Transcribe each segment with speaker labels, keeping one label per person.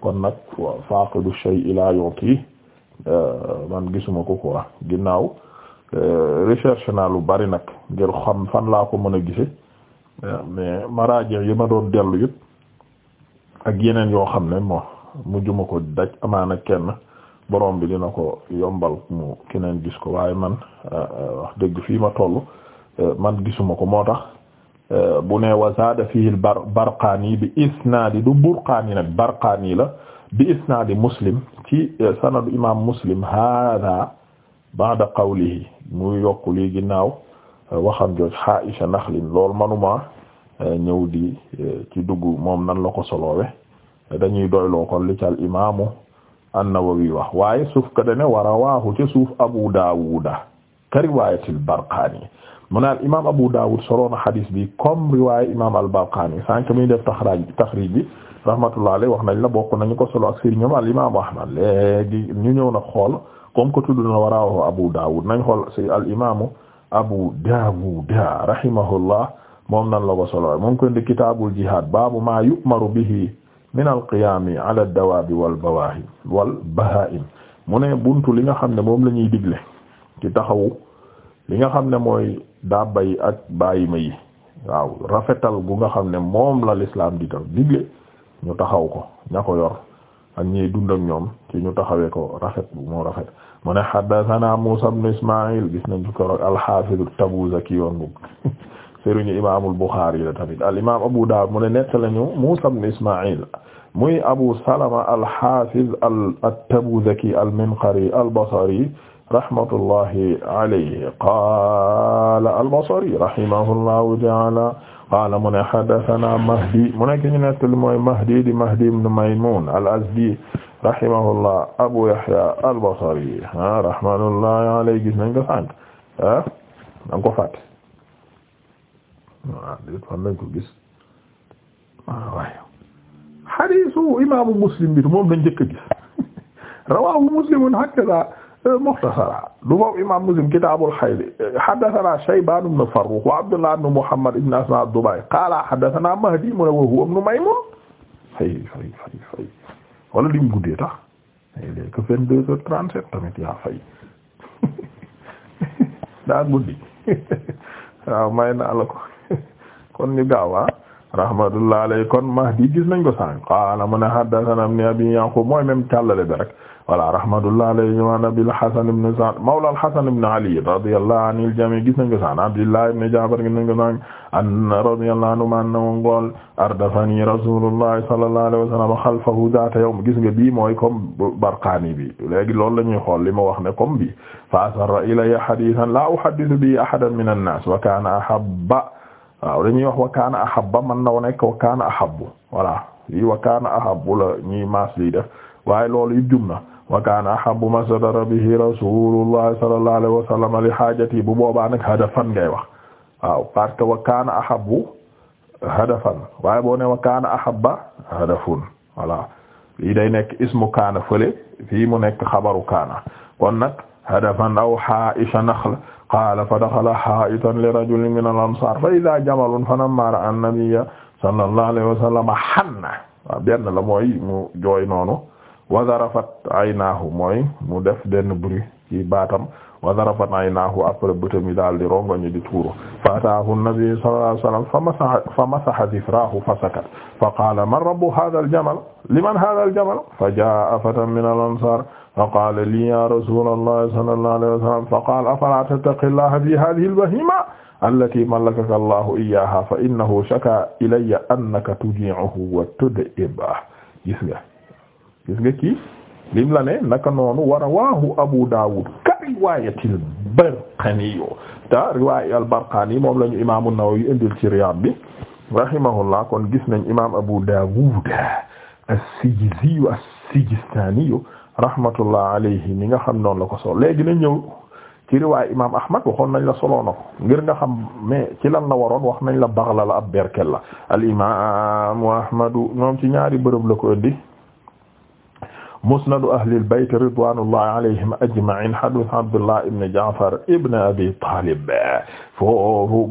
Speaker 1: kon nag faqidu shay'i la yuti euh, man gisuma ko quoi ginnaaw euh, recherche naa lu bari nag ngir xam fan laa ko mën a gise euh, mais maraaje yi ma doon dellu yëpp ak yeneen yoo xam ne moo mujjuma ko daj amaana kenn borom bi dina ko yombal mu keneen gis ko waaye man wax dëgg fii ma toll man gisuma ko moo tax bu ne wa zaada fihi bar barqaani bi isnaadi du burqaani nag barqaani la bi isnaadi muslim ci eh, imaam muslim hada ba'da qawlihi muy yokk lii ginnaaw eh, waxam jooj Aisha Naxlin lool manuma eh, ñëw di ci dugg moom nan la ko soloowe dañuy doyloo kon li cal imaamu an-Nawawi wax waaye suuf ka dane wa rawaahu ca suuf Abu Daawuda ka riwaayatil Barqaani mu ne al imaam Abu Dawud soroon na xadis bi comme riwaayu imaam al-Balqaani sànq mi def taxraaj taxriij bi rahmatullah wax nañ la bokk nañu ko solo ak sëriñam al imaam Ahmad léegi ñu ñëw na xool comme que tudd na waraaw Abu Dawud nañ xool si al imaamu Abu Dawud rahimahullah moom nan la ko solo mu ngi koy indi kitaabul jihaad baabu maa yu'maru bihi min al-qiyaami ala ad-dawaabi wal bawaahim wal bahaa'im mu ne buntu li nga xam ne moom la ñuy digle ci taxawu li nga xam ne mooy. dabba yi ak bàyyima yi waaw rafetal gu nga xam ne moom la l'islam di tax ñu taxaw ko ña ko yor ak ñiy dund ñoom ci ñu taxawee ko rafet moo rafet mu ne haddathana Musa ibn Ismail gis nañ ci korog al-Hafiz at-Tabuzaki yoon bu sëriñu imaamul Bukhari la tamit al imaam Abu Dawud mu ne nett lañu Musa ibn Ismail muy Abu Salama al-Hafiz at-Tabuzaki al-Minqari al-Basri rahmatullahi alayhi qaala al-Basri rahimahullahu ta'ala qaala mu ne haddathana Mahdi mu nekk ñu nettali mooy Mahdi di Mahdi ibn Maymun al-Azdi rahimahullah Abu Yahya al-Basri ah rahmatullahi alayhi gis nañ ko sànq ah nañ ko fàtte waaw déet fan lañ ko gis waaw waaye hadiisu imaamu Muslim bi moom lañ njëkk a gis rawaahu Muslimun hakaza Euh, mukhtasara du moom imam Muslim kitaabul hayd haddathana Shaybaan ibn Farrukh wa Abdullah ibn Muhammad ibn Asmaa ad-Duba'i qaala haddathana Mahdi mu ne wa huwa ibn Maymun wala li guddee tax léegi que vingt-deux heures trente tamit yaa fay daa guddi waaw may naa la ko kon ñu gaaw ah. rahmatullah alay kon Mahdi gis nañ ko sànq qaala mu ne haddathana ibn Abi Yaqub mooy même tallale bi rek voilà rahmatullah alay ñuman Abil Hasan ibn Sa'd mawla al-Hasan ibn Ali radiyallahu anil jami' gis nañ ko sànq Abdullah ibn Ja'far gis nañ ko sànq an radiyallahu anhu man ngol ardafani rasulullah sallallahu alayhi wa sallam xalfahu zaata yawm gis nga bii mooy comme Barqaani bi léegi loolu la ñuy xool li ma wax ne comme bi fa asarra ilayya hadithan la uhaddithu bi ahadan min an-nas wa kana ahabba waaw dañuy wax wakaana ahabba man na nekk wakaana ahabbu voilà lii wakaana ahabbu la ñuy maas lii def waaye loolu yu jum na wakaana ahabbu ma bi bihi rasulullah sallallahu alayhi wa sallam li haajati bu boobaa nag hadafan ngay wax waaw parce que hadafan waaye boo ne wakaana ahabba hadafun voilà lii nekk ismu kaana fële fii mu nekk xabaru kaana kon nag hadafan aw haa'isha naxl qaala fa daxala haa'itan li rajulin min al-ansaar fa izaa jamalun falammaa ra'a an-nabiyya sallallahu alayhi wa sallam hanna waaw benn la mooy mu jooy noonu wa zarafat aynaahu mooy mu def benn bruit ci baatam wa zarafat aynaahu après bëtam yi daal di rongoñi di tuuru fa ataahu an-nabiyyu sallallahu alayhi wa sallam fa masaha fa masaha dhifraahu fa sakat fa qaala man rabbu haadha al-jamal liman haadha al-jamal fa jaa'a fatan min al-ansaar faqaala lii yaa rasuulallaah sallallaahu alayhi wa sallam faqaala afalaa tattaqillaah fi haadihi al-bahiima allatii malakaka llaahu iyyaahaa fa innahu shakaa ilayya annaka tujii'uhu wa tud'ibuhu gis nga gis nga kii lim la ne naka noonu wa rawaahu Abu Daawuud ka riwaayatil Barqaani ta riwaaya al-Barqaani moom lañu imaam an-Nawawi indil ci Riyaad bi rahimahullah kon gis nañ imaam Abu Daawuud as-Sijzi as-Sijistaani rahmatullah alayhi mi nga xam noonu la ko solo léegi na ñëw ci nañ la soloo na ngir nga xam mais ci lan la waroon wax nañ la baxla la ab berkel la al imamu ahmadu ñoom ci ñaari bërëb la ko indi musnadu ahlil bayt ridwanullahi alayhim ajmain hadis abdullah ibn jaafar ibn abi talib foofu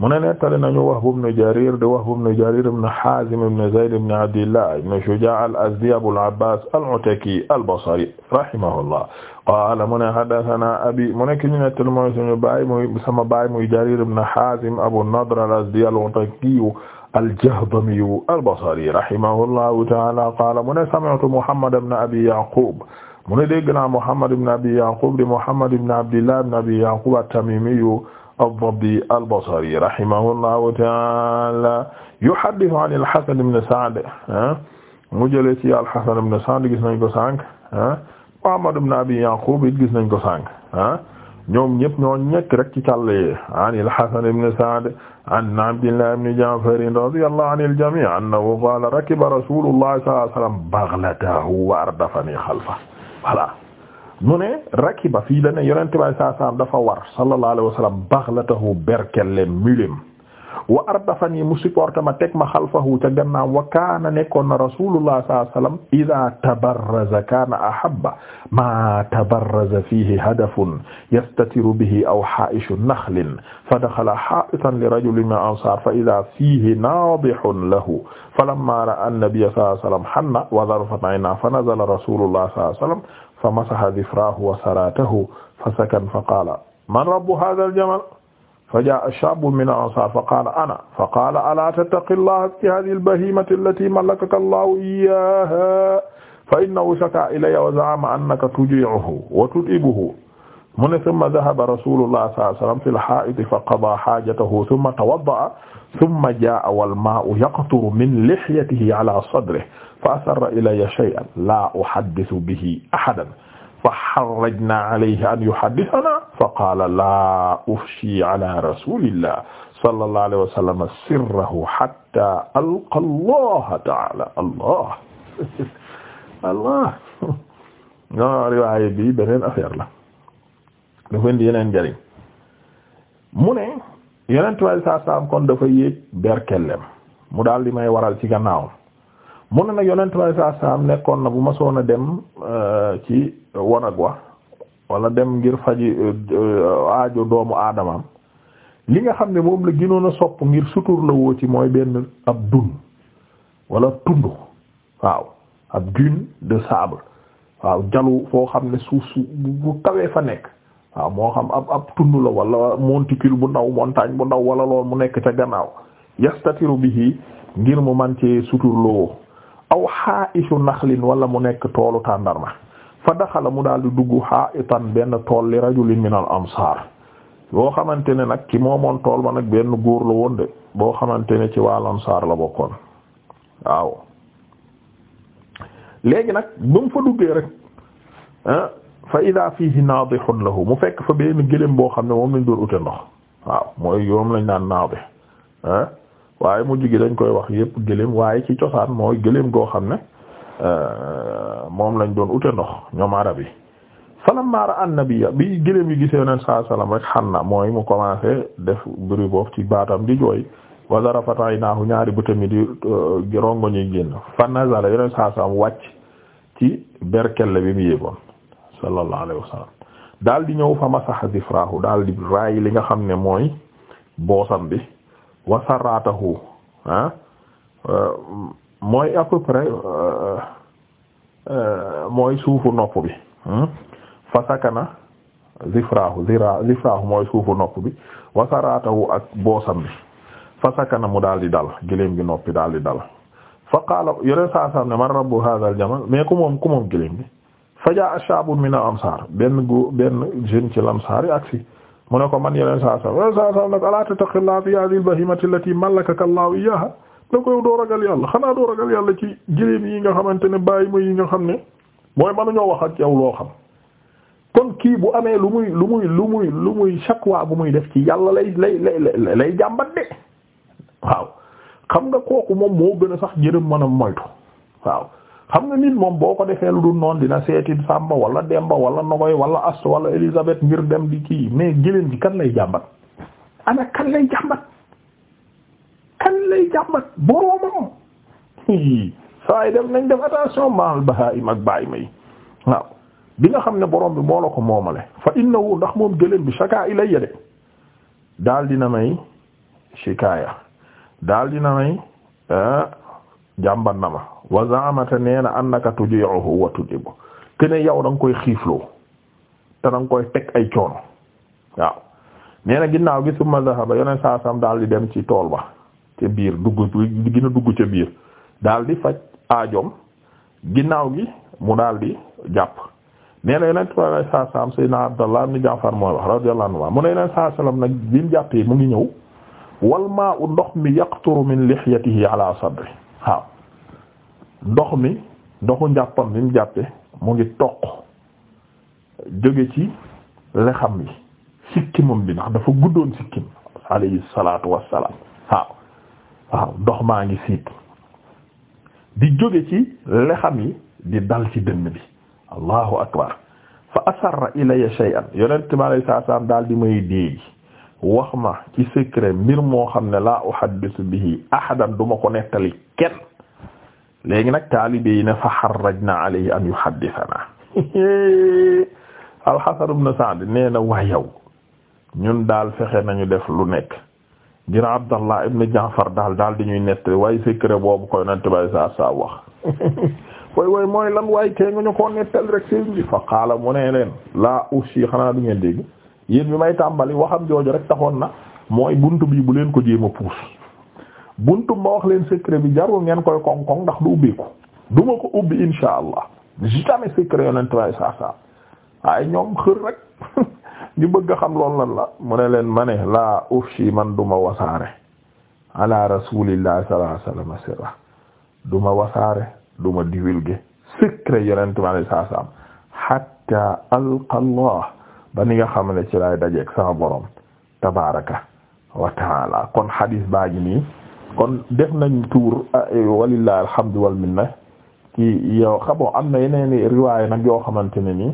Speaker 1: mu ne nettali nañu Wahb ibn Jarir de Wahb ibn Jarir ibn Hazim ibn Zayd ibn Abdillah ibn Shuja' al-Azdi Abul Abbas al-Ataki al-Basri rahimahullah qaala mu ne haddathana abi mu nekk ñu nettali mooy suñu baay muy sama baay muy Jarir ibn Hazim Abu Nadr al-Azdi al-Ataki al-Jahdami al-Basri rahimahullahu ta'ala qaala mu ne sami'tu Muhammad ibn Abi Ya'qub mu ne dégg naa Muhammad ibn Abi Ya'qub di Muhammad ibn Abdillah ibn Abi Ya'qub at-Tamimi ad-Dabbi al-Basri rahimahullahu ta'ala yuhaddithu an al-Hasan ibn Sa'd ah, mu jëlee ci al-Hasan ibn Sa'd gis nañ ko sànq ah, Muhammad ibn Abi Ya'qub it gis nañ ko sànq ah, ñoom ñëpp ñoo ñekk rek ci càllee an al-Hasan ibn Sa'd an Abdillah ibn Ja'far radiyallahu anil jami' annahu qala rakiba rasulullah sallallahu alayhi wa sallam baghlatahu wa ardafani khalfahu mu ne rakiba fii la ne yonente bi saa saam dafa war sallallahu alayhi wa sallam baxlatahu berkelle mulim wa ardafani mu supporté ma teg ma xalfahu ca gannaaw wa kaana nekkoon na rasulullah sallallahu alayhi wa sallam ida tabarraza kaana ahabba ma tabarraza fihi hadafun yastatiru bihi aw haa'ishu nakhlin fa dakhala haa'itan li rajulin min al-ansaar fa ida fihi naadihun lahu falamma ra'a an-nabiyya sallallahu alayhi wa sallam hanna wa zarafat aynaahu fa nazala rasulullah sallallahu alayhi wa sallam fa masaha dhifrahu wa saratahu fa sakan fa qaala man rabbu hadha aljamal fa jaa shaabun min al-ansaar fa qaala ana fa qaala alaa tattaqi llaha fi hadhihi albahimati allati malakaka allahu iyyaha fa innahu shaka ilayya wa za'ama annaka tuji'uhu wa tut'ibuhu mu ne summa dhahaba rasulullah sallallahu alayhi wasallam fil haa'iti fa qadaa haajatahu summa tawadda'a summa jaa'a wal maa'u yaqturu min lihyatihi ala sadrihi fa asarra ilayya shay'an laa uhaddithu bihi ahadan fa harrajnaa alayhi an yuhaddisanaa fa qaala laa ufshii ala rasulillah sallallahu alayhi wasallam sirrahu hattaa alqa allaha ta'aala allah allah riwaaya bi beneen affaire la dafa indi yeneen njariñ mu ne yeneen tubaab saa saam kon dafa yéeg berkellem mu daal di may waral ci gannaaw mu ne nag yeneen tubaab saa saam nekkoon na bu ma soon a dem euh, ci wanag wa wala dem ngir faji euh, aajo doomu aadamam li nga xam ne moom la gënoon a sopp ngir sutur la woo ci mooy benn ab dun wala tund waaw ab dune de sable waaw jalu foo xam ne suuf su bu kawee fa nekk waaw moo xam ab ab tund la wala monticule bu ndaw montagne bu ndaw wala lool mu nekk ca gannaaw yastatiru bihi ngir mu man ci suturloo aw ha'isu naxlin wala mu nekk toolu tàndarma fa daxala mu daal di dugg ha'itan benn tool li rajulin min al ansar yoo xamante ne nag ki moomoon tool ba nag benn góor la woon de boo xamante ne ci wal ansar la bokkoon waaw léegi nag ba fa duggee rek fa ida fihi naadihun lahu mu fekk fa benn gëléem boo xam ne moom lañ doon ute ndox waaw mooy yoom lañu naan naadih ah waaye mujj gi dañ koy wax yépp gëléem waaye ci cosaan mooy gëléem goo xam ne euh, moom lañ doon ute ndox ñoom arab yi falamma ra'a an bi gëléem yi gisee yoneen saa salaam rek xanna mooy mu commencé def bruit boobu ci baatam di jooy wa zarafat aynaahu ñaari bëtami di euh, rongo ñuy génn fa nazala yoneen saa salaam wàcc ci berkelle bi mu yéegoon sallallahu alayhi daal di ñëw fa masaxa zifrahu daal di raay li nga xam ne mooy boosam bi wa saratahu ah euh, euh, euh, mooy suufu nopp bi hmm? fa sakana zifrahu zira zifrahu mooy suufu nopp bi wa saratahu ak boosam bi fa sakana mu daal di dal gëléem gi noppi daal di dal fa qaala yeneen saa saam ne man rabbu hadha al mais ku moom ku moom gëléem bi fajaa ashabun min al ansar benn gu benn jeune ci lamsaar yi aksi mu ne ko man yeneen saa saa yeneen saa saa nag ala tattaqillah fi hadhihi al bahimati allati malakaka allahu iyyaha na ko doo ragal yàlla xanaa doo ragal yàlla ci jëréem yi nga xamante ne bàyyi ma yi nga xam ne mooy mënuñoo wax ak yow loo xam kon kii bu amee lu muy lu muy lu muy lu muy shakwa bu muy def ci yàlla lay lay lay lay jàmbat de waaw xam nga kooku moom moo gën a sax jërëm mën a moytu waaw xam nga nit moom boo ko defee lu dul noonu dina seeti Samba wala Demba wala Nogoy wala Ast wala Elisabeth ngir dem di kii mais gëléem gi kan lay jàmbat ana kan lay jàmbat kan lay jàmbat boroomam saa yi dem nañ def attention maal bahaa'im ak baa'ima yi waaw bi nga xam ne boroom bi moo la ko moomale fa innahu ndax moom gëléem bi shaka ilayya de daal dina may shikaaya daal dina may ah, jàmban na ma wa zaamata nee na annaka tuji'uhu wa tujibu kene yow da nga koy xiifloo te da koy teg ay coono waaw nee na ginnaaw gi summa zahaba yoneen saa daal di dem ci tool ba ca biir dugg gën a dugg ca biir daal di faj aajoom ginnaaw gi mu daal di jàpp nee na yoneen saa saasam saydna Abdallah ibn Jaafar mooy wax radiyallahu anhu mu ne yoneen saa sallam nag bi jàppee mu ngi ñëw wal maa u ndox mi yaqturu min lihyatihi ala sadri ndox mi ndoxu njàppam bi mu jàppe mu ngi toq jóge ci lexam yi sikkimam bi ndax dafa guddoon sikkim alayhi salaatu wassalaam waaw ndox maa ngi siit di jóge ci lexam yi di dal ci dënn bi allahu akbar fa asarra ilayya shay'an yonent bi alayhi salaatu wassalaam daal di may déegi wax ma ci secret mbir moo xam ne laa uhaddisu bihi ahadan duma ko nettali kenn léegi nag taalibe yi ne fa xarrajna alayhi an yu al-Hasan ibn Sa'd nee na waa yow ñun daal fexe nañu def lu nekk ngir Abdallah ibn Jaafar daal daal di ñuy nett waaye secret boobu koy nante bay saa saa wax way way mooy lan waaye kee nga ñu koo nettal rek seen bi fa qaala mu leen laa ushi xanaa du ngeen dégg yéen bi may tàmbali waxam jooju rek taxoon na mooy buntu bii bu leen ko jéem puus buntu ma wax leen secret bi jarul ngeen koy koŋ-koŋ ndax du ubbeeku du ma ko ubbi insha allah jamais secret yonent way saa saa ñoom xër rek ñu bëgg xam loolu lan la mu ne leen ma ne laa ufshi man du ma wasaare ala rasulillahi sallallahu alayhi du ma wasaare du ma divulguer secret yonent way saa hatta alqa allah ba ni nga xam ne ci laay dajeek sama tabaraka wa taala kon hadis baa ji kon def nañ tour eh, walillahi alhamdu wal minna yow xamoo am na yeneen riwaay nag yoo xamante ne nii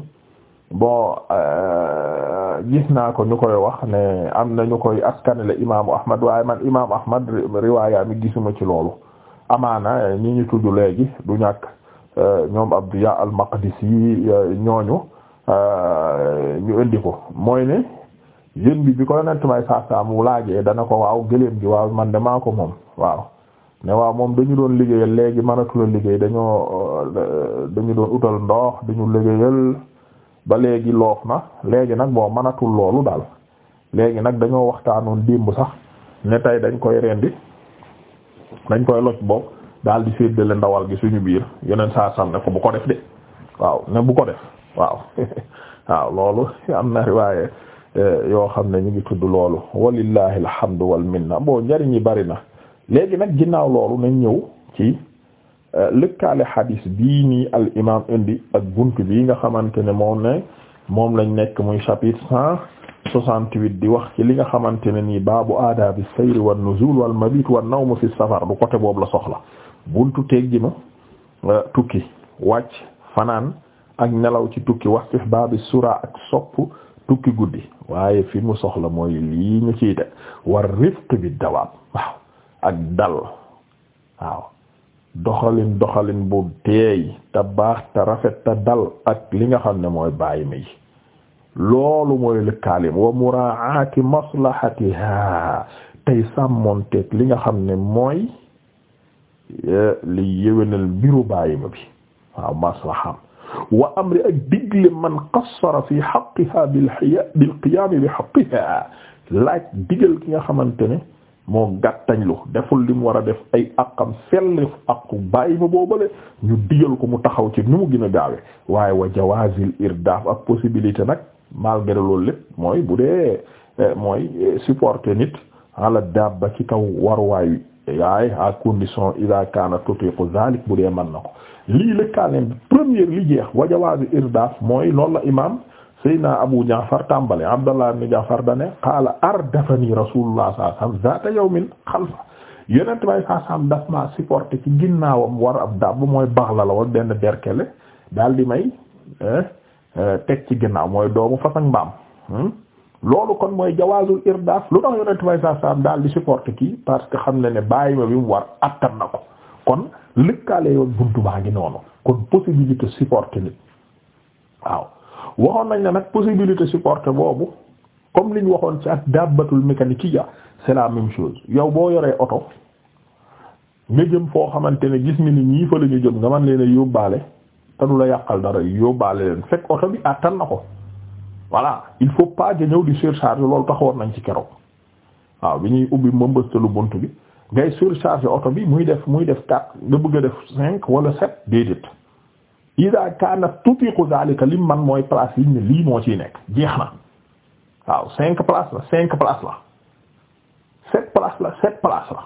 Speaker 1: bon eh, gis naa ko ñu koy wax ne am na ñu koy askanale imaamu Ahmad waaye man imaamu Ahmad riwaaya mi gisuma ci loolu amaana eh, ñi ñu tudd léegi du ñàkk ñoom Abdiya al-Maqdisi ñooñu ñu indi ko mooy ne jeune bi bi ko yonent may saa mu laajee dana ko waaw gëléem gi waaw man de maa ko moom waaw ne waaw moom dañu doon liggéeyal léegi mënatu liggéey dañoo euh, dañu doon utal ndox dañu liggéeyal léegi loof na léegi nag boo mënatul loolu daal léegi nag dañoo waxtaanoon démb sax ne tey dañ koy rendi dañ koy loj boog daal di séddale ndawal gi suñu biir yeneen saa ne ko bu ko def de waaw ne bu ko def waaw waaw loolu am na riwaaye Eh, yoo xam ne ñu ngi tudd loolu walillahi alhamdu wal minna bon njariñ yi bari na léegi nag ginnaaw loolu nañ ñëw ci eh, lëkkaale hadis bii nii al indi ak bunt bi nga xamante ne moom ne moom lañ nekk muy chapitre cent soixante-huit di wax ci li nga xamante ne nii baabu aadaabi sayri wan nuzul wal mabit wan nawm fi safar du côté boobu la soxla buntu tegginu eh, tukki wàcc fanaan ak nelaw ci tukki wax ci baabi sura ak sopp tukki guddi waaye fi mu soxla mooy lii ñu ciy teg war rifq bi dawaab waaw ak dal waaw doxalin doxalin bu deey te baax te rafet te dal ak li nga xam ne mooy bàyyi ma yi loolu mooy lëkkaalim wa muraati maslahatiha tey sàmmoonteeg li nga xam ne mooy eh, li yéwénal mbiru bàyyi ma bi waaw maslahaam wa amri ak digle man qassara fi haqqiha bil hiya bil qiyam bi haqqiha laaj digal ki nga xamante ne moo gàttañlu deful li mu war a def ay àqam sellif aqu bàyyi ba boobale ñu digal ko mu taxaw ci nu mu gën a gaawe waaye wa jawazil irdaaf ak possibilité nag malgré loolu lépp mooy bu dee eh, mooy eh, supporter nit ala dabba ci kaw waruwaay wi yaay à condition ida kana tutiqu zalik bu dee mën na ko lii lëkkaalen première li jeex wa jawaazu irdaaf mooy loolu la imam Seydina Abu Ja'far tàmbale Abdallah ibn Ja'far dane qaala ardafani rasulullah sallallahu alayhi wasallam zaata yawmin xalfa yonent may saasaam daf ma supporté ci ginnaawam war ab dabb mooy baax la la benn berkele daal di may eh, eh, teg ci ginnaaw mooy doomu façon mbaam hmm? loolu kon mooy jawaazul irdaaf lu tax yonent way saa saam daal di supporter kii parce que xam na ne bàyyi ma bi mu war attan na ko kon lëkkaale yoon bunt baa ngi noonu kon possibilité supporter nit waaw waxoon nañ ne nag possibilité supporter boobu comme liñ waxoon ci ak dabbatul mécanikiya c'est la même chose yow boo yoree oto nga jëm foo xamante ne gis ni ñii fa la ñu jëm nga man leen a yóbbaale te du la yàqal dara yóbbaale leen fekk oto bi attan na ko voilà il faut pas que ñëw di surcharge loolu taxawoon nañ ci keroog waaw bi ñuy ubbi mbëmbëstalu bunt bi ngay surcharge oto bi muy def muy def quatre nga bëgg a def cinq wala sept déedéet ida kana tutiqu zalika lim man mooy place yiñ ne lii moo ci nekk jeex na waaw cinq place la cinq place la sept place la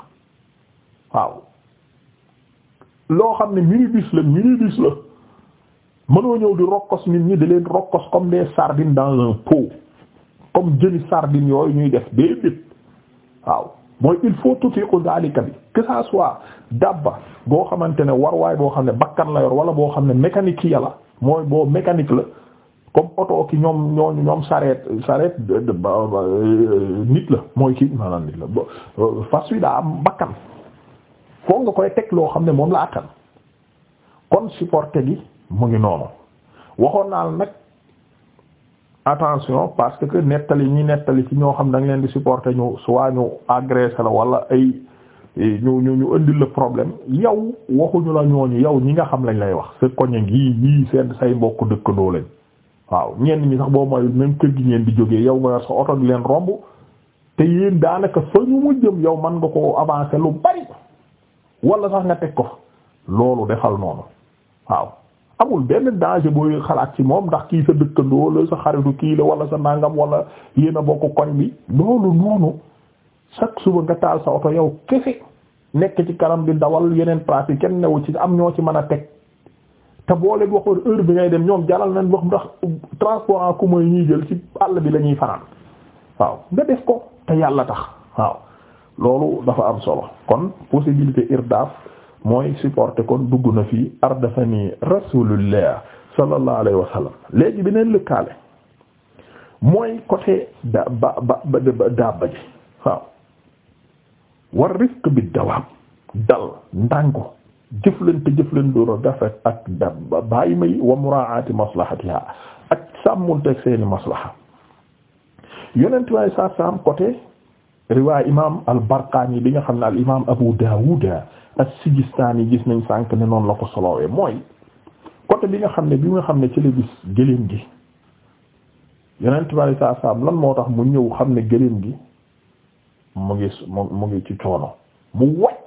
Speaker 1: waaw loo xam ne minibus la minibus la mënoo ñëw di rokkos nit ñi di leen rokkos comme des sardines dans un pot comme jëni sardines yooyu ñuy def des bit waaw mooy il faut tutiqu zalika bi que ça soit dabba boo xamante ne warwaay boo xam ne bakkan la yor wala boo xam ne mécanique yi la mooy boo mécanique la comme oto ki ñoom ñooñu ñoom sareet sareet nit la mooy kii la euh, fas wi daa am bakkan foog nga koy teg loo xam ne moom la attan kon supporter gi mu ngi noonu waxoon naa la nag attention parce que nettali ñi nettali ci ñoo xam da nga leen di supporter ñu soit ñu agressé la wala ay ñu ñu ñu indil le problème yow waxuñu la ñooñu yow ñi nga xam lañ lay wax sa koñe ngi yii seen say mbokk dëkkandoo lañ waaw ñenn ñi sax boo mayul même kër gi ngeen di jógee yow nga sa oto di leen romb te yéen daanaka fa ñu mu jëm yow man nga ko avancer lu bari wala sax nga teg ko loolu defal noonu waaw amul benn danger booy xalaat ci moom ndax kii sa dëkkandoo la sa xaritu kii la wala sa nangam wala yéen a bokk koñ bi loolu noonu chaque suba nga taal sa oto yow kese nekk ci kanam di dawal yeneen place yi kenn newu ci am ñoo ci mën a teg te boole bi waxoon heure bi ngay dem ñoom jaral nañ wax ndax transport en commun yi ñuy jël ci àll bi la ñuy fanaan waaw nga def ko te yàlla tax waaw loolu dafa am solo kon possibilité irdaaf mooy supporté kon dugg na fii ardafani rasulullah sallallahu alayhi wa sallam léegi beneen lëkkaale mooy côté da ba ba dabba ji waaw war rifq bi dawaab dal ndànko jëflante jëflante rafet ak dabba bàyyi may wa muraati maslahatiha ak sàmmunteeg seeni maslaha yonent waay sa sam côté riwaay imam al-Barqaani bi nga xam ne al imam Abu Daawuda as-Sijistaani gis nañ sànk ne noonu la ko solowee mooy côté bi nga xam ne bi nga xam ne ci la gis gi yonent bi saa saam lan moo tax mu ñëw xam ne gëléem gi mu ngi mu ngi ci coono mu wàcc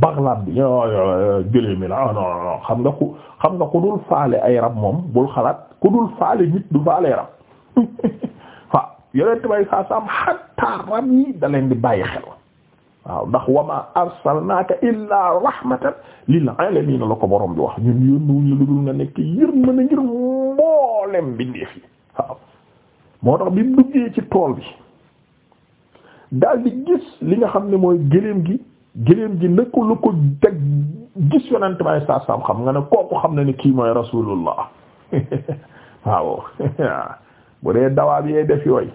Speaker 1: baglaat bi gëléem mi la ah, non xam nga ku xam nga ku dul faale ay rab moom bul xalaat ku dul faale nit du faale rab waaw yonent bi saa saam xatta rab yi da leen di bàyyi xel waaw ndax wama arsalnaaka illaa rahmatan lil alamin la ko borom bi wax ñun yónnuwuñu lu dul nga nekk yërmande ngir mboolem bindeef yi waaw moo tax bi duggee ci tool bi daal gis li nga xam ne mooy gëléem gi gëléem gi nëkku lu ko teg gis yonent may saa xam nga ne kooku xam na ni kii mooy rasulullah waaw bu dee dawaa bi yee def yooyu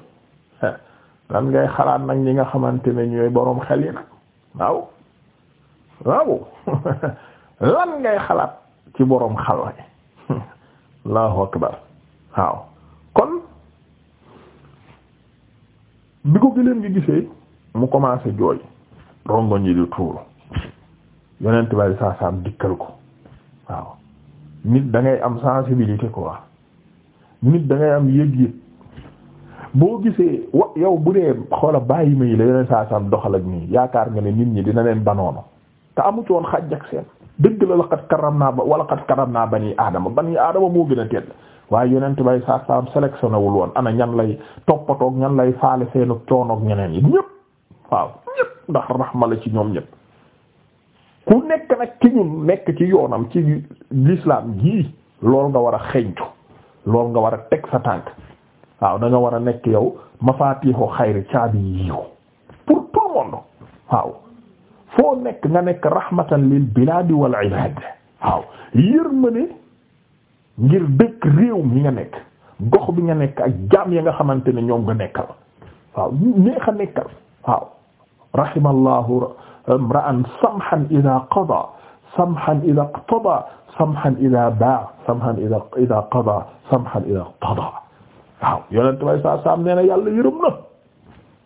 Speaker 1: lan ngay xalaat nag ñi nga xamante ne ñooy boroom xel yi nag waaw waaw
Speaker 2: lan ngay xalaat
Speaker 1: ci boroom xel yi allahu akbar waaw kon bi ko gëléem gi gisee mu commencé jooy rongoñ yi di tuuru yonent bari saa saam dikkal ko waaw nit da ngay am sensibilité quoi nit dangay am yëg-yëg boo gisee wa yow bu dee xoola bàyyi ma yi la yeneen saa saam doxal ak nii yaakaar nga ne nit ñi dina leen banoono te amu ci woon xàjj ak seen dëgg la laqad karamnaa ba wala qad karamnaa bani aadama bani aadama moo gën a tedd waaye yonent bay saa saam sélectionné wul woon ana ñan lay toppatoog ñan lay faale seenu coonoog ñeneen yi ñëpp waaw ñëpp ndax rahma la ci ñoom ñëpp ku nekk nag ci ñun nekk ci yoonam ci l'islam gii lool nga war a xeeñtu lool nga war a teg sa tànk waaw da nga war a nekk yow mafatixu xayri caabi yiw pour tout le foo nekk nga nekk rahmatan lil biladi wal ibad waaw yërmande ngir dëkk réew mi nga nekk gox bi nga nekk ak jam ya nga xamante ne ñoom nga nekkal waaw neex a nekkal waaw rahimallahu imra'an samhan idha qada samhan idha iqtada samhan idha ba'a samhan idha qada samhan idha iqtada waaw yonent bay saa saam nee na yàlla yërëm na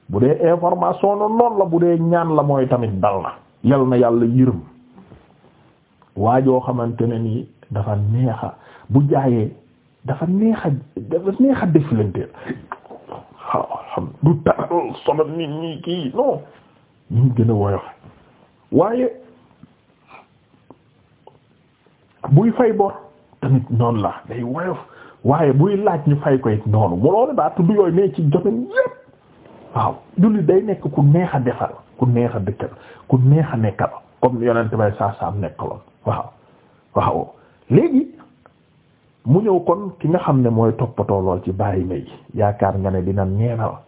Speaker 1: bu dee information na noonu la bu dee ñaan la mooy tamit dal na yal na yàlla yërëm waajoo xamante ne nii dafa neexa bu jaayee dafa neexa dafa neexa deflanteel waaw alhamdulilah du taral sonal nit ñi kii non ñu gën a woyof waaye buy fay bor tamit noonu la day woyof waaye buy laaj ñu fay ko it noonu mu loolu daa tudd yooyu ne ci joten yépp waaw julli day nekk ku neex a defal ku neex a dëkkal ku neex a nekkal comme yonent bay saa saam nekkaloon waaw waaw léegi mu ñëw kon ki nga xam ne mooy toppatoo lool ci bàyyi may yaakaar nga ne dina neenal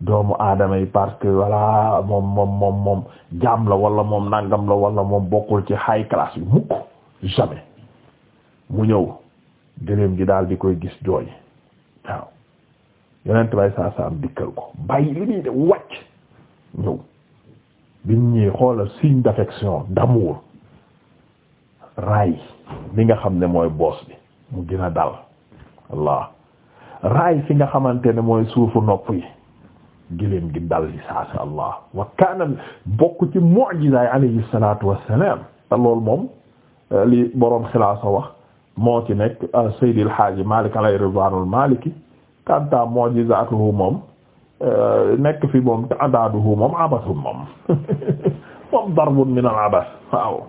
Speaker 1: doomu aadama yi parce que voilà moom moom moom moom jaam la wala moom nàngam la wala moom bokkul ci high class yi mukk jamais mu ñëw gëléem gi daal di koy gis jooy waaw yonent bay saa saa am dikkal ko bàyyi li muy de wàcc ñëw biñ ñëwee xoolal signe d'affection d'amour raay li nga xam ne mooy boos bi mu gën a dal Allah raay fi nga xamante ne mooy suufu nopp yi gëléem gi dal li saa sa Allah wa kaana bokk ci mu'jizaay alayhi salaatu wassalaam te loolu moom li boroom xilaasa wax moo ci nekk ah, Seydil Haaji Malik alay ridwaanul maliki kanta mu'jizaatuhu moom eh, nekk fi moom adaaduhu moom moom moom min al abas waaw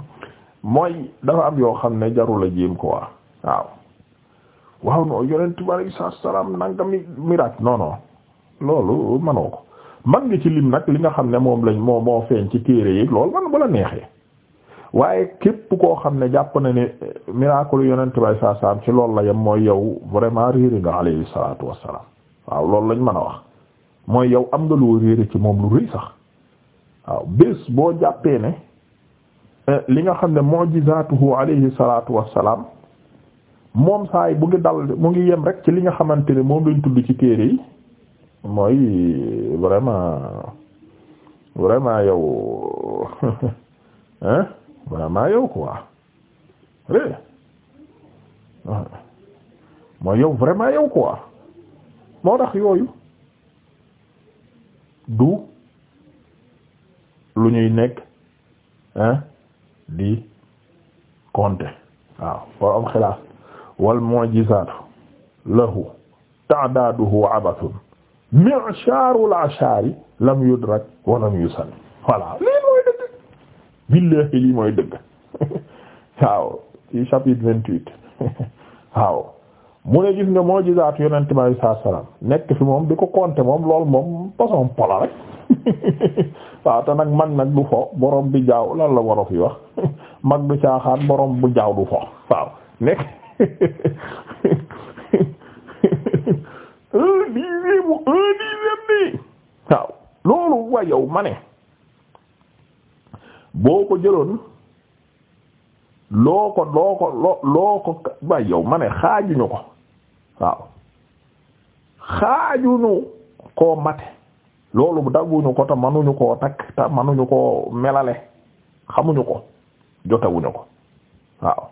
Speaker 1: mooy dafa am yoo xam ne jarul a jéem ko waa waaw waaw non yonent bi alayhi salaam nanga mi miraaj non loolu manoo ko man nga ci lim nag li nga xam ne moom lañ moo feeñ ci téere yi loolu man bu la neexee waaye képp koo xam ne jàpp na ne miracle yonent bay saa saam ci loolu la yem mooy yow vraiment réere nga alayhi salaatu wassalaam waaw loolu lañ mën a wax mooy yow am nga loo réere ci moom lu rëy sax waaw bés boo jàppee ne euh, li nga xam ne mu'jizaatuhu alayhi salaatu wassalaam moom saay bu ngi dal mu ngi yem rek ci li nga xamante ne moom lañ tudd ci téere yi mooy vraiment vraiment yow vraiment yow quoi eh mooy yow vraiment yow quoi moo tax yooyu du lu ñuy nekk ah di compter waaw war am xilaas wal mu'jizaatu lahu ta'daaduhu abathun mi'shaarul ashaari lam yudrak wa lam yusan voilà billahi lii mooy dëgg waaw ci chapitre vingt-huit waaw mu ne gis nga moo gisaatu yonente bi alei salaam nekk fi moom di ko compter moom loolu moom façon pola rek waaw te nag mag nag du fo borom bi jaaw lan la waro fi wax mag du caaxaan borom bu jaaw du fo waaw nekk un loolu wa yow ma ne boo ko jëloon loo ko loo ko loo ko bay yow ma xaajuñu ko waaw xaajuñu koo mate loolu dagguñu ko te manuñu koo takk te manuñu koo melale xamuñu ko jotewuñu ko waaw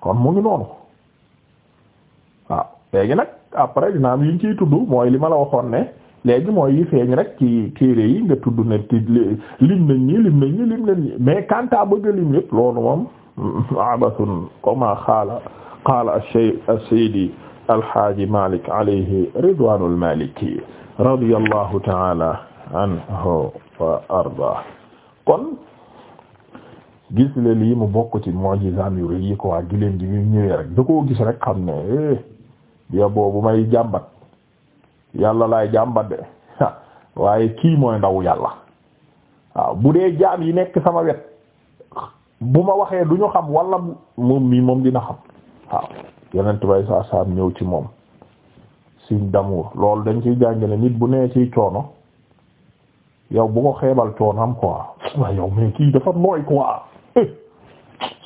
Speaker 1: kon mu ngi noonu waaw léegi nag après naa am yi ñu ciy tudd mooy li ma la waxoon ne léegi mooy yi feeñ rek ci téere yi nga tudd ne ti lim nañ ñi lim nañ ñi lim nañ ñi mais kanta bëgg a lim yëpp loolu moom abasun kama xaala qaala malik alayhi ridwanul maliki radiyallahu ta'ala anhu wa arda kon gis le lii mu bokk ci mu'jizam yu rëy yi ko waa giléem gi ñu ñëwee rek da koo gis rek am ne é eh, bia boobu may jàmbat yàlla laay jàmbat de waaye kii mooy ndaw yàlla waaw bu dee jaam yi nekk sama wet bu ma waxee du ñu xam walla moom mii moom dina xam waaw yenent bay saa saam ñëw ci moom signe d'amour lool dañ ciy jàngale nit bu nee ciy coono yow bu ko xeebal coonam quoi waaye yow mais kii dafa nooy quoi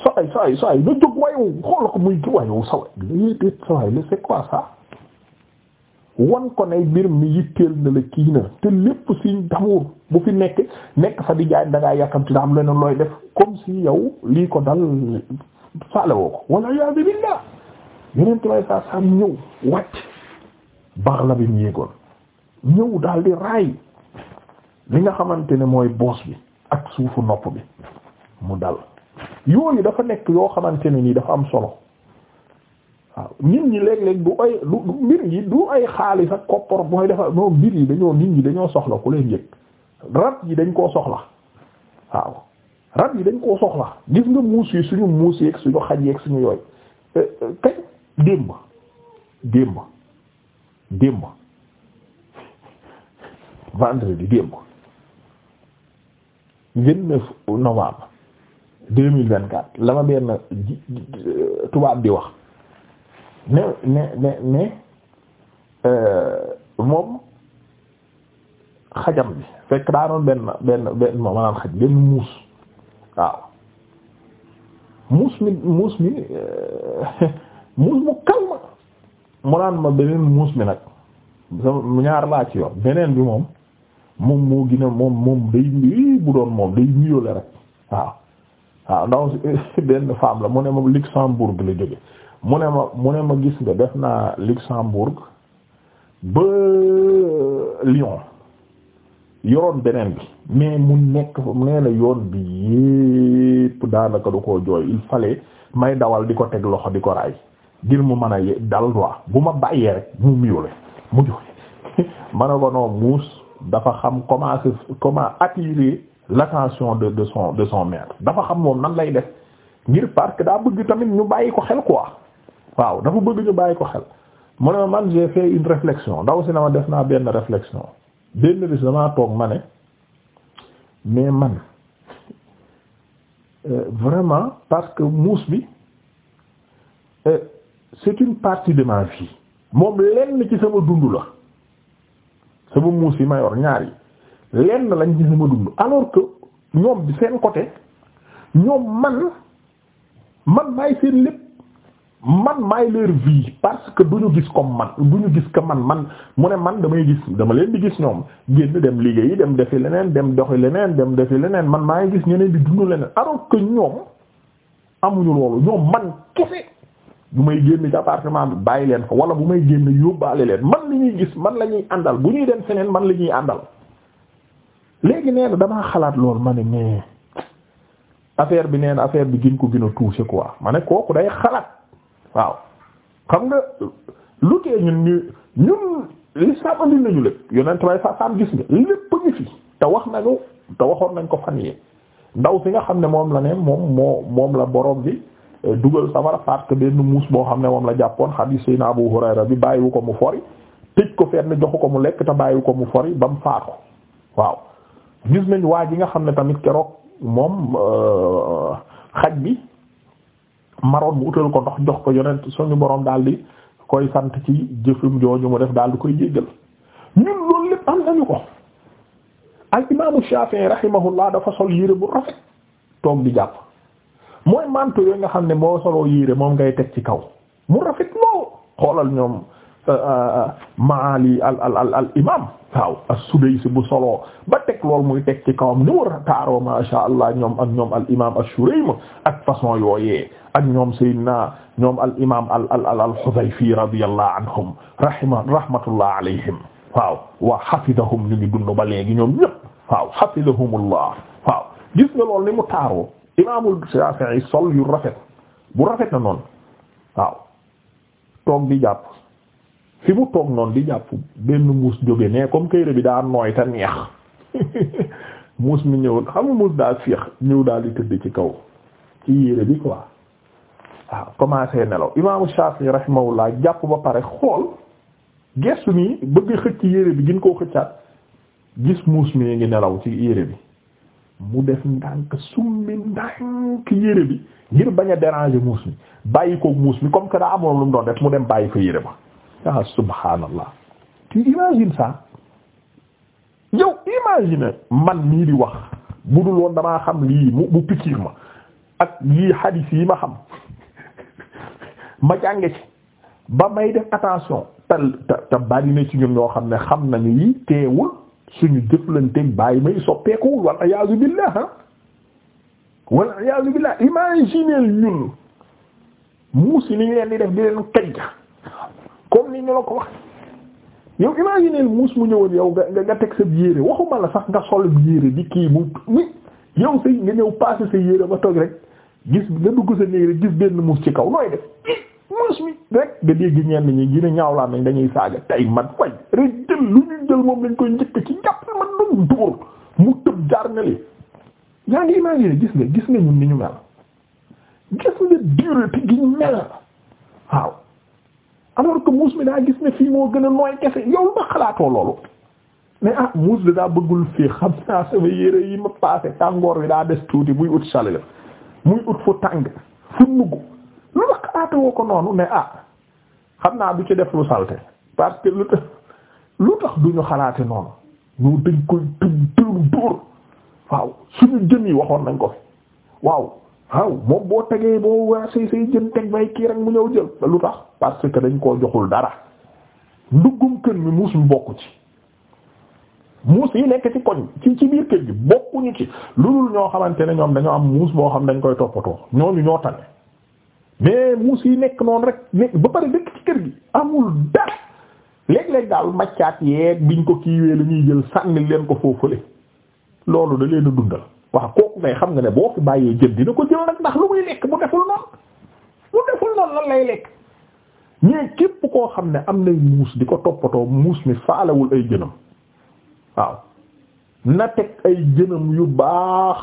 Speaker 1: saay saay saay na jóg wayow xoola ko muy ki wayow saway lé déet saway la c'est quoi ça wan ko nay mbir mi yitteel na la kii na te lépp si damuur bu fi nekk nekk fa di jaay da ngaa yàkkamti da am leneen looy def comme si yow lii ko dal faale ko walla iyaazu billaah yeneen tubaay saa saa ñëw wàcc baax bi mu yéegoon ñëw daal di raay li nga xamante ne mooy boos bi ak suufu nopp bi mu dal yooyu dafa nekk yoo xamante ne nii dafa am solo waaw nit ñi léeg-léeg du ay du mbir yi du ay xaalis ak koppar mooy defar non mbir yi dañoo nit ñi dañoo soxla ku leen yëg rab yi dañ koo soxla waaw rab yi dañ koo soxla gis nga muus yi suñu muus yeeg suñu xaj yeeg suñu yooyu eh, eh, kañ démb démb démb vendredi démb vingt-neuf novembre deux mille vingt-quatre la ma benn euh, tubaab bi wax ne ne ne ne moom xajam bi fekk daanoon benn benn benn moom maanaam xaj benn muus waaw muus mi muus euh, mu kalma mu naan ma beneen muus mi nag sama ñaar laa ci yor beneen bi moom moom moo gën a moom moom day mii bu doon moom day miyoole rek waaw waaw ndaw benn femme la mu ne moom Luxembourg la jóge mu ne ma mu ne ma gis nga def naa Luxembourg ba Lyon yoon beneen bi mais mu nekk nee na yoon bi yépp daanaka du ko jooy il fallait may dawal di ko teg loxo di ko raay ngir mu mën a dal droit bu ma bàyyee rek mu muyule mu jooy ma ne ko muus dafa xam comment comment attirer l'attention de de son de son maître dafa xam moom nan lay def ngir parce que daa bëgg tamit ñu bàyyi ko xel quoi. waaw dafa bëgg ñu bàyyi ko xel mu ne ma man j'ai fait une réflexion ndaw si na ma def naa benn réflexion benn bis damaa toog ma ne mais man euh, vraiment parce que muus bi euh, c'est une partie de ma vie moom lenn ci sama dund la sama muus yi ma yor ñaar yi lenn lañ ci sama dund alors que ñoom bi seen côté ñoom man man maay seen lépp man maay leur vie parce que du ñu gis comme man du ñu gis que man man mu ne man damay gis dama leen di gis ñoom génn dem liggéeyi dem defi leneen dem doxi leneen dem defi leneen man maa ngi gis ñeneen di dund leneen alors que ñoom amuñu loolu ñoom man kese bu may génn ci appartement bi bàyyi leen fa wala bu may génn yóbbaale leen man li ñuy gis man la ñuy àndal bu ñuy dem feneen man la ñuy àndal léegi nee na damaa xalaat loolu ma ne mais affaire bi nee affaire bi gën ko gën a touché ma ne kooku day xalaat. waaw xam nga lu tee ñun ñun l'islam andil nañu lépp yonent bay sa sam gis nga lépp ñu fi te wax nañu te waxoon nañ ko fan yee ndaw si nga xam ne moom la ne moom moo moom la borom bi eh, dugal safara parce que benn muus boo xam ne moom la jàppoon xadiis sayna Abu Hurayra bi bàyyiwu ko mu fori tëj ko fenn joxu ko mu lekk te bàyyiwu ko mu fori ba mu faatu waaw gis nañ waa ji nga xam ne tamit keroog moom eh, xaj bi maroon mu utal ko ndox jox ko yonent suñu boroom daal di koy sant ci jëfum jooju mu def daal di koy jéggal ñun loolu lépp am nañu ko al imaamu Shafi'i rahimahullah dafa sol yére bu rafet toog di jàpp mooy manto yooyu nga xam ne boo soloo yére moom ngay teg ci kaw mu rafet lool xoolal ñoom Euh, euh, maali al al al al imaam bu solo ba teg lool muy teg ci kawam ni war ma sha Allah ñoom ak ñoom al imaam ash-Shuraym ak façon yooyee ak ñoom Seydina ñoom al imaam al al al al-Hudayfi radiyallahu anhum rahima rahmatullah alayhim waaw wa hafidahum ñu ngi dund ba léegi ñoom ñëpp waaw hafidahumullah waaw gis sol yu rafet bu rafet na noonu waaw toog di fi mu toog noonu di jàpp benn muus jóge nee comme kayre bi daa nooy te neex muus mi ñëw xam nga muus daa féex ñëw daal di tëdd ci kaw ci yére bi quoi waaw commencé nelaw imaamu Shafi'i rahimahullah jàpp ba pare xool gestu nii bëgg xëcc yére bi gën koo xëccaat gis muus mi ngi nelaw ci yére bi mu def ndànk summi ndànk yére bi ngir bañ a déranger muus mi bàyyi ko muus mi comme que daa amoon lu mu doon def mu dem bàyyi ko yére ba ah subhanallah tu imagines ça yow imagine man mii di wax bu dul woon damaa xam lii mu mu pikiir ma ak lii hadith yi ma xam ma jànge ci ba may def attention te te bari na ci ñun ñoo xam ne xam nañu yi teewul suñu jëflanteeg bàyyi may soppeekuwul wal iyaazu billah wal iyaazu billah imagineel ñun muusi ni ñu leen di def di leen kajja ni ñu la ko wax yow imagineel muus mu ñëwoon yow nga nga teg sa yére waxuma la sax nga sol yére di kii mu ni yow sa nga ñëw passé sa yére ba toog rek gis nga dugg sa néeg rek gis benn muus ci kaw nooy def muus mi rek nga dégg ñenn ñi gën a nañ dañuy saaga tey mat way rek jël lu ñu jël moom lañ koy njëkk ci jàpp man dum mu tëb jaar na li yaa ngi imaginer gis nga gis nga ñun ni ñu mel gis nga dureté gi ñu mel waaw alors que muus mi daa gis ne fii moo gën a nooy kese yow lu ma xalaatoo loolu mais ah muus bi daa bëggul fii xam naa sama yére yi ma passé tàngoor bi daa des tuuti muy ut chaleur muy ut fu tàng fu nugg lu ma xalaatoo ko noonu ne ah xam naa du ci def lu salte parce que lu tax lu tax duñu xalaate noonu ñu dañ koy tëm tëm dóor waaw suñu jën yi waxoon nañ ko fi waaw waaw moom boo tegee boo waa say say jën teg bay kii rek mu ñëw jël lu tax parce que dañ koo joxul dara nduggum kër mi muus mi bokku ci muus yi nekk ci koñ ci biir kër gi bokkuñu ci lu dul ñoo xamante ne ñoom dañoo am muus boo xam dañ koy toppatoo ñooñu ñoo tane mais muus yi nekk noonu rek nekk ba pare dëkk ci kër gi amul dara léeg-léeg daal maccaat yeeg biñ ko kiiwee lañuy jël sànni leen ko foofule loolu da leen a dundal waaw kooku ngay xam nga ne boo fi bàyyee jën dina ko jël nag ndax lu muy lekk bu deful noonu bu deful noonu lan lay lekk mais képp koo xam ne am nay muus di ko toppatoo muus mi faalewul ay jënam waaw teg ay jënam yu baax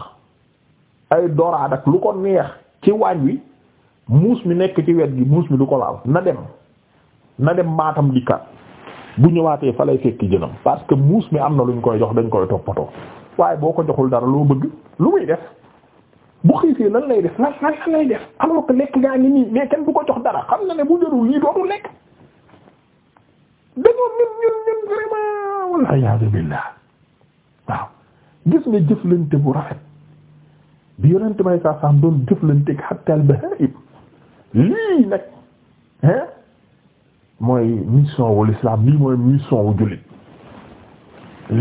Speaker 1: ay doraad lu ko neex ci waañ wi muus mi nekk ci wet gi muus mi du ko laal na dem na dem maatam dikkat bu ñëwaatee fa lay fekk jënam parce que muus mi am na lu luñ koy jox dañ koy toppatoo waaye boo ko joxul dara loo bëgg lu muy def bu xiifee lan lay def lan lan lay def alors que lekk gaa ngi nii mais kenn du ko jox dara xam na ne bu jarul lii dootul lekk dañoo ñun ñun ñun vraiment walla iyaazu billaah waaw gis nga la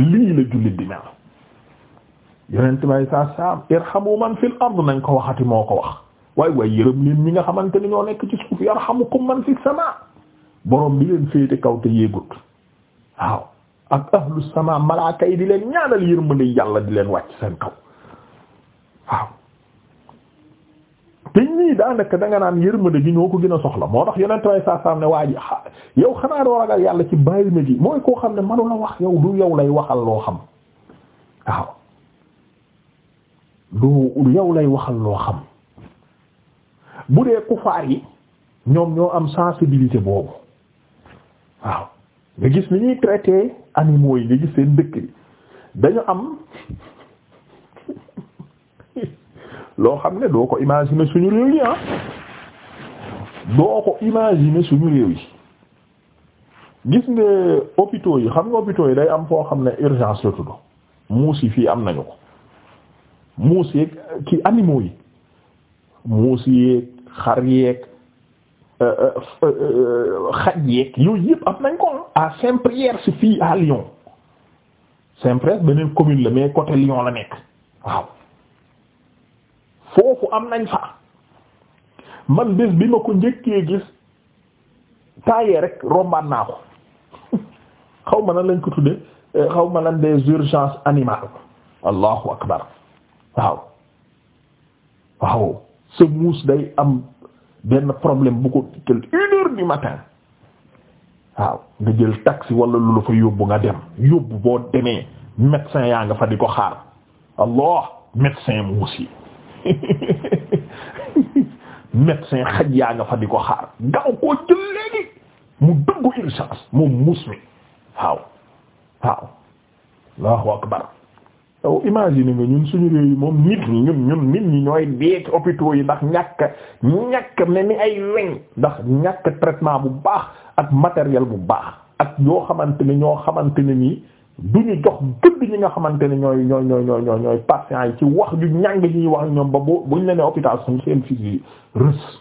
Speaker 1: jullit di mel yonent may sa saam irhamu man fil ard nañ ko waxati moo ko wax waaye waaye yërëm leen ñi nga xamante ni ñoo nekk ci suuf ko man fi sama boroom bi leen féete kaw te yéegut waaw ak ahlu sama malaaka yi di leen ñaanal yërmande yàlla di leen wàcc seen kaw waaw te ñii daanaka da nga naan yërmande gi ñoo ko gën a soxla moo tax yonent may sa ne waa ji yow xanaa doo ragal yàlla ci bàyyi na gi mooy koo xam ne manu la wax yow du yow lay waxal loo xam du yow lay waxal loo xam bu dee kufaar yi ñoom ñoo am sensibilité boobu waaw nga gis ni ñuy traité animaux yi nga gis seen dëkk yi dañu am loo xam ne doo ko imaginer suñu réew yi ah doo ko imaginer suñu réew yi gis nga hôpitaux yi xam nga hôpitaux yi day am foo xam ne urgence la tudd muus yi fii am nañu ko muus yeeg ci animaux yi muus yeeg xar yeeg euh, euh, euh, xaj yeeg yooyu yëpp am nañ ko ah. à Saint-Priest si fii à Lyon Saint-Priest beneen commune la mais côté Lyon la nekk waaw foofu am nañ fa man bés bi ma ko njëkkee gis taayee rek rombaan naa ko xaw ma nan lañ ko tudde xaw ma lan des urgences animales allahu akbar waaw waaw sa muus day am benn problème bu ko tikkal une heure du matin waaw nga jël taxi wala lu la fa yóbbu nga dem yóbbu boo demee médecin yaa nga fa di ko xaar allah médecin muus yi médecin xaj yaa nga fa di ko xaar gaaw koo jël léegi mu dëggu urgence moom muus mi waaw waaw allahu akbar yow imagine nga ñun suñu réew yi moom nit ñi ñun ñun nit ñi ñooy dee ci hôpitaux yi ndax ñàkk ñàkk mel ni ay weñ ndax ñàkk traitement bu baax ak matériel bu baax ak yoo xamante ne ñoo xamante ne nii du ñu jox gëdd ñi nga xamante ne ñooy ñooy ñooy ñooy ñooy ñooy patients yi ci wax ju ñàng ñuy wax ñoom ba bu buñ la nee hôpital suñ seen fii yi